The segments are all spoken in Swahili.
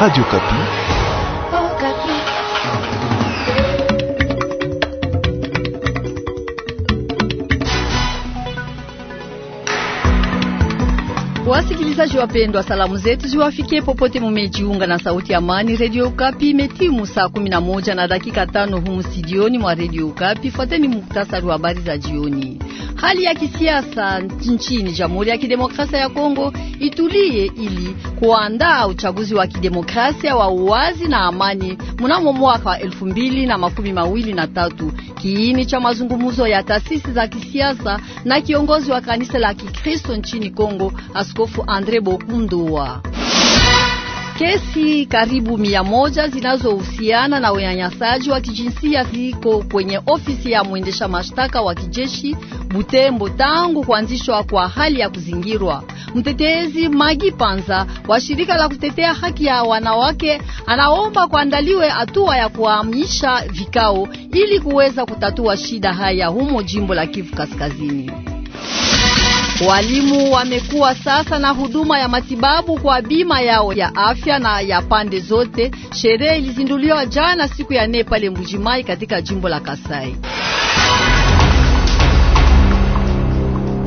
Radio Okapi. Wasikilizaji wapendwa, salamu zetu ziwafikie popote mumejiunga na sauti ya amani Radio ukapi Imetimu saa 11 na dakika tano humu studioni mwa Radio ukapi Fuateni muktasari wa habari za jioni hali ya kisiasa nchini Jamhuri ya Kidemokrasia ya Kongo itulie ili kuandaa uchaguzi wa kidemokrasia wa uwazi na amani mnamo mwaka wa elfu mbili na makumi mawili na tatu. Kiini cha mazungumzo ya taasisi za kisiasa na kiongozi wa kanisa la Kikristo nchini Kongo, Askofu Andre Bokundua. Kesi karibu mia moja zinazohusiana na unyanyasaji wa kijinsia ziko kwenye ofisi ya mwendesha mashtaka wa kijeshi Butembo tangu kuanzishwa kwa hali ya kuzingirwa. Mtetezi Magi Panza wa shirika la kutetea haki ya wanawake anaomba kuandaliwe hatua ya kuhamisha vikao ili kuweza kutatua shida haya humo jimbo la Kivu Kaskazini. Walimu wamekuwa sasa na huduma ya matibabu kwa bima yao ya afya na ya pande zote. Sherehe ilizinduliwa jana siku ya nne pale Mbujimai katika jimbo la Kasai.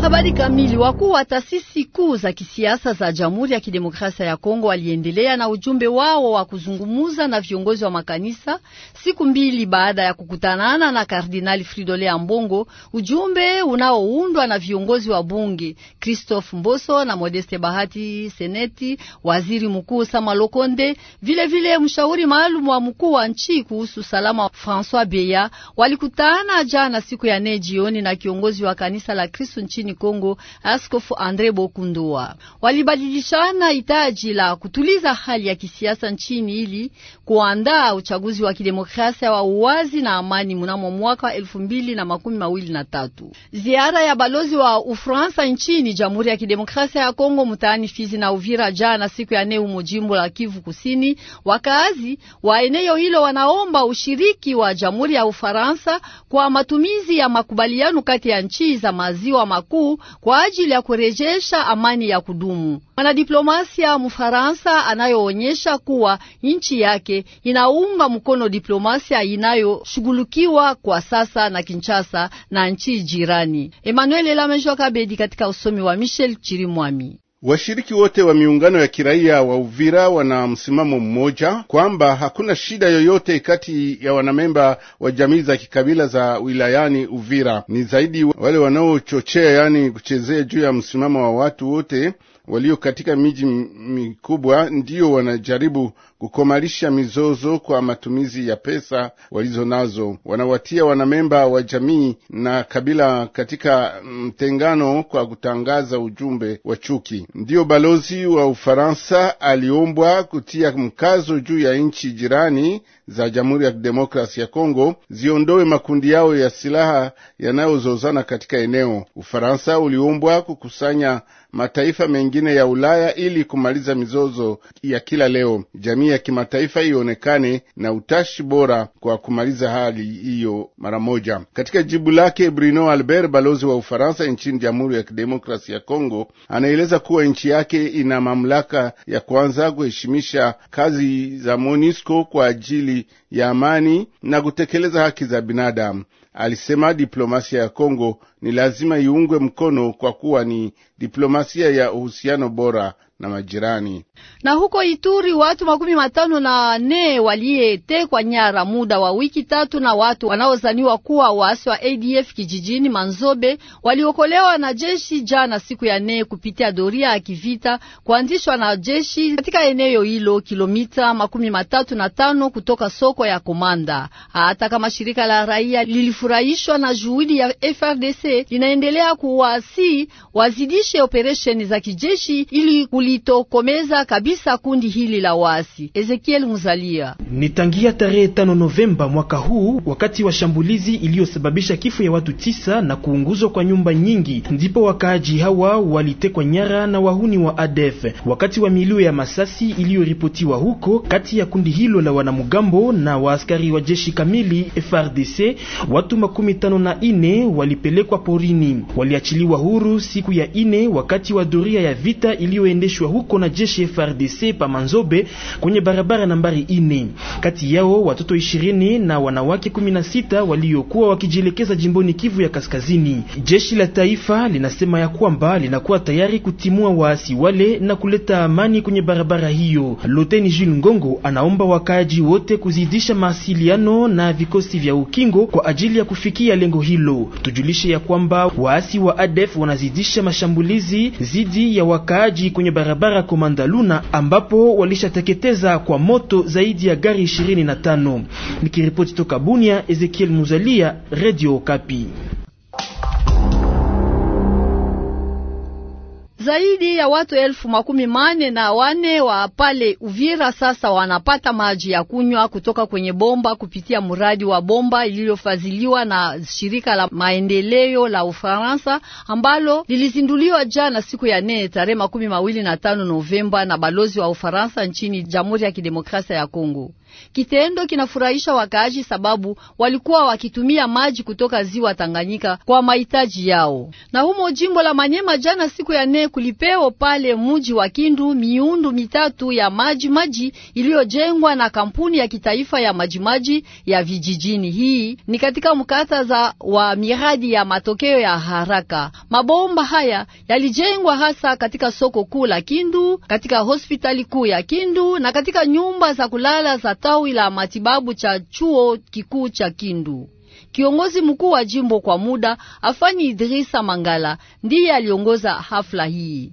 Habari kamili. Wakuu wa taasisi kuu za kisiasa za Jamhuri ya Kidemokrasia ya Kongo waliendelea na ujumbe wao wa kuzungumuza na viongozi wa makanisa siku mbili baada ya kukutanana na Kardinali Fridole Ambongo, ujumbe unaoundwa na viongozi wa bunge Christophe Mboso na Modeste Bahati Seneti, Waziri Mkuu Sama Lokonde, vile vile mshauri maalum wa mkuu wa nchi kuhusu salama François Beya, walikutana jana siku ya nne jioni na kiongozi wa kanisa la Kristo nchini Kongo, Askofu Andre Bokundua. Walibadilishana hitaji la kutuliza hali ya kisiasa nchini ili kuandaa uchaguzi wa kidemokrasia wa uwazi na amani mnamo mwaka wa elfu mbili na makumi mawili na tatu. Ziara ya balozi wa Ufaransa nchini Jamhuri ya Kidemokrasia ya Kongo mtaani Fizi na Uvira jana siku ya nne umo jimbo la Kivu Kusini, wakazi wa eneo hilo wanaomba ushiriki wa Jamhuri ya Ufaransa kwa matumizi ya makubaliano kati ya nchi za maziwa makuu kuu kwa ajili ya kurejesha amani ya kudumu. Mwanadiplomasia Mfaransa anayoonyesha kuwa nchi yake inaunga mkono diplomasia inayoshughulikiwa kwa sasa na Kinshasa na nchi jirani. Emmanuel Lamejwa Kabedi katika usomi wa Michel Chirimwami. Washiriki wote wa miungano ya kiraia wa Uvira wana msimamo mmoja kwamba hakuna shida yoyote kati ya wanamemba wa jamii za kikabila za wilayani Uvira. Ni zaidi wale wanaochochea, yaani kuchezea juu ya msimamo wa watu wote walio katika miji mikubwa ndiyo wanajaribu kukomalisha mizozo kwa matumizi ya pesa walizo nazo. Wanawatia wanamemba wa jamii na kabila katika mtengano kwa kutangaza ujumbe wa chuki. Ndiyo balozi wa Ufaransa aliombwa kutia mkazo juu ya nchi jirani za Jamhuri ya Kidemokrasi ya Kongo ziondoe makundi yao ya silaha yanayozozana katika eneo. Ufaransa uliombwa kukusanya mataifa mengine ya Ulaya ili kumaliza mizozo ya kila leo. Jamii ya kimataifa ionekane na utashi bora kwa kumaliza hali hiyo mara moja. Katika jibu lake, Bruno Albert, balozi wa Ufaransa nchini Jamhuri ya Kidemokrasia ya Kongo, anaeleza kuwa nchi yake ina mamlaka ya kwanza kuheshimisha kazi za MONUSCO kwa ajili ya amani na kutekeleza haki za binadamu. Alisema diplomasia ya Kongo ni lazima iungwe mkono kwa kuwa ni diplomasia ya uhusiano bora na majirani. Na huko Ituri watu makumi matano na ne waliyetekwa nyara muda wa wiki tatu na watu wanaozaniwa kuwa waasi wa ADF kijijini Manzobe waliokolewa na jeshi jana siku ya ne kupitia doria ya kivita kuanzishwa na jeshi katika eneo hilo kilomita makumi matatu na tano kutoka soko ya Komanda. Hata kama shirika la raia lilifurahishwa na juhudi ya FRDC, linaendelea kuwasi wazidishe operesheni za kijeshi ili kulitokomeza kabisa kundi hili la waasi. Ezekiel Muzalia. Ni tangia tarehe tano Novemba mwaka huu, wakati wa shambulizi iliyosababisha kifo ya watu tisa na kuunguzwa kwa nyumba nyingi, ndipo wakaaji hawa walitekwa nyara na wahuni wa ADF wakati wa milio ya masasi iliyoripotiwa huko kati ya kundi hilo la wanamgambo na waaskari wa jeshi kamili frdc Watu makumi tano na ine walipelekwa porini, waliachiliwa huru siku ya ine wakati wa doria ya vita iliyoendeshwa kuhamishwa huko na jeshi FRDC pa Manzobe kwenye barabara nambari ine. Kati yao watoto ishirini na wanawake kumi na sita waliokuwa wakijielekeza jimboni Kivu ya Kaskazini. Jeshi la taifa linasema ya kwamba linakuwa tayari kutimua waasi wale na kuleta amani kwenye barabara hiyo. Luteni Jules Ngongo anaomba wakaaji wote kuzidisha mawasiliano na vikosi vya ukingo kwa ajili ya kufikia lengo hilo. Tujulishe ya kwamba waasi wa ADF wanazidisha mashambulizi dhidi ya wakaaji kwenye barabara barabara Komandaluna ambapo walishateketeza kwa moto zaidi ya gari 25. Nikiripoti toka Bunia, Ezekiel Muzalia, Radio Okapi. Zaidi ya watu elfu makumi mane na wane wa pale Uvira sasa wanapata maji ya kunywa kutoka kwenye bomba kupitia mradi wa bomba iliyofadhiliwa na shirika la maendeleo la Ufaransa ambalo lilizinduliwa jana siku ya nne tarehe makumi mawili na tano Novemba na balozi wa Ufaransa nchini Jamhuri ya Kidemokrasia ya Kongo. Kitendo kinafurahisha wakaaji sababu walikuwa wakitumia maji kutoka ziwa Tanganyika kwa mahitaji yao. Na humo jimbo la Manyema, jana siku ya nne, kulipeo pale muji wa Kindu miundu mitatu ya maji maji iliyojengwa na kampuni ya kitaifa ya majimaji ya vijijini. Hii ni katika mkataza wa miradi ya matokeo ya haraka. Mabomba haya yalijengwa hasa katika soko kuu la Kindu, katika hospitali kuu ya Kindu na katika nyumba za kulala za tawi la matibabu cha chuo kikuu cha Kindu. Kiongozi mkuu wa jimbo kwa muda Afani Idrisa Mangala ndiye aliongoza hafla hii.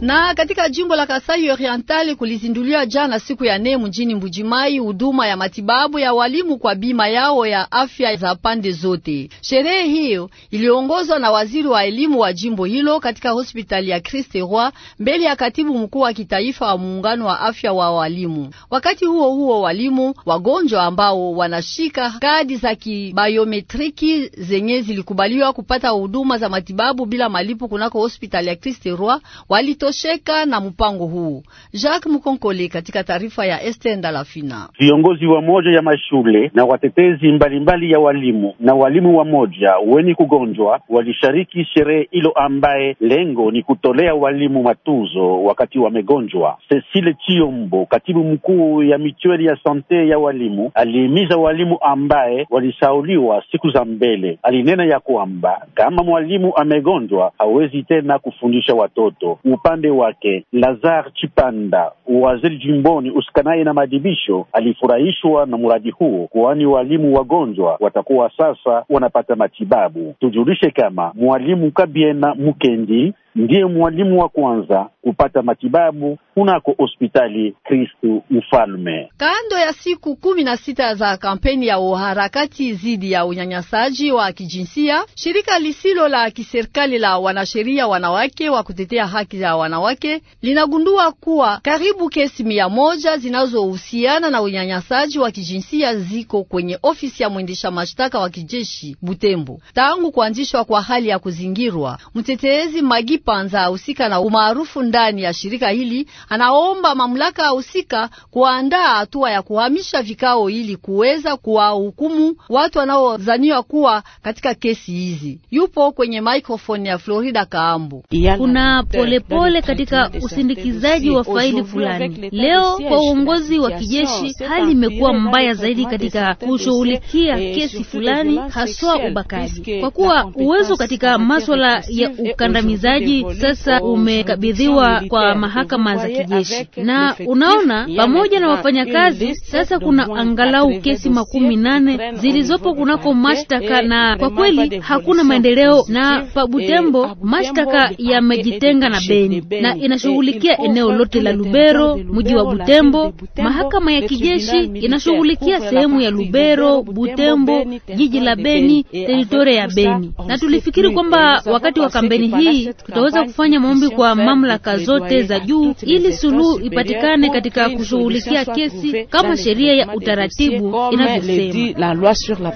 Na katika jimbo la Kasai Oriental kulizinduliwa jana siku ya nne mjini Mbujimai huduma ya matibabu ya walimu kwa bima yao ya afya za pande zote. Sherehe hiyo iliongozwa na waziri wa elimu wa jimbo hilo katika hospitali ya Christ Roi mbele ya katibu mkuu wa kitaifa wa muungano wa afya wa walimu. Wakati huo huo, walimu wagonjwa ambao wanashika kadi za kibayometriki zenye zilikubaliwa kupata huduma za matibabu bila malipo kunako hospitali ya Christ Roi walito wanatosheka na mpango huu. Jacques Mukonkoli katika taarifa ya Esther Ndalafina. Viongozi wa moja ya mashule na watetezi mbalimbali mbali ya walimu na walimu wa moja weni kugonjwa walishariki sherehe hilo ambaye lengo ni kutolea walimu matuzo wakati wamegonjwa. Cecile Chiombo, katibu mkuu ya michweli ya sante ya walimu, alihimiza walimu ambaye walisauliwa siku za mbele. Alinena ya kwamba kama mwalimu amegonjwa hawezi tena kufundisha watoto upande upande wake Lazar Chipanda, waziri jimboni usikanaye na maadhibisho, alifurahishwa na mradi huo, kwani walimu wagonjwa watakuwa sasa wanapata matibabu. Tujulishe kama mwalimu Kabiena Mukendi ndiye mwalimu wa kwanza kupata matibabu kunako hospitali Kristu Mfalme. Kando ya siku kumi na sita za kampeni ya uharakati dhidi ya unyanyasaji wa kijinsia, shirika lisilo la kiserikali la wanasheria wanawake wa kutetea haki za wanawake linagundua kuwa karibu kesi mia moja zinazohusiana na unyanyasaji wa kijinsia ziko kwenye ofisi ya mwendesha mashtaka wa kijeshi Butembo tangu kuanzishwa kwa hali ya kuzingirwa. Mtetezi Magi mimi Panza husika na umaarufu ndani ya shirika hili anaomba mamlaka husika kuandaa hatua ya kuhamisha vikao ili kuweza kuwahukumu watu wanaozaniwa kuwa katika kesi hizi. Yupo kwenye maikrofoni ya Florida Kaambu. Kuna polepole katika usindikizaji wa faili fulani. Leo kwa uongozi wa kijeshi, hali imekuwa mbaya zaidi katika kushughulikia kesi fulani, haswa ubakaji, kwa kuwa uwezo katika masuala ya ukandamizaji mji sasa umekabidhiwa kwa mahakama za kijeshi, na unaona, pamoja na wafanyakazi sasa kuna angalau kesi makumi nane zilizopo kunako mashtaka, na kwa kweli hakuna maendeleo. Na pa Butembo mashtaka yamejitenga na Beni na inashughulikia eneo lote la Lubero, mji wa Butembo. Mahakama ya kijeshi inashughulikia sehemu ya Lubero, Butembo, jiji la Beni, teritoria ya Beni, na tulifikiri kwamba wakati wa kampeni hii tutaweza kufanya maombi kwa mamlaka zote za juu ili suluhu ipatikane katika kushughulikia kesi kama sheria ya utaratibu inavyosema.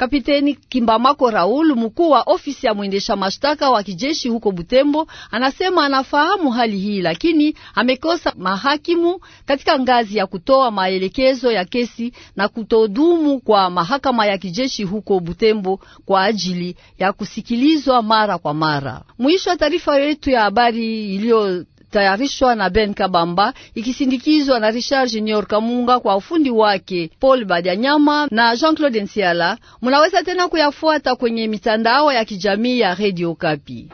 Kapiteni Kimbamako Raul, mkuu wa ofisi ya mwendesha mashtaka wa kijeshi huko Butembo, anasema anafahamu hali hii, lakini amekosa mahakimu katika ngazi ya kutoa maelekezo ya kesi na kutodumu kwa mahakama ya kijeshi huko Butembo kwa ajili ya kusikilizwa mara kwa mara. Mwisho wa taarifa yetu ya habari iliyo ilitayarishwa na Ben Kabamba ikisindikizwa na Richard Junior Kamunga kwa ufundi wake, Paul Badanyama na Jean-Claude Nsiala. Munaweza tena kuyafuata kwenye mitandao ya kijamii ya Radio Kapi.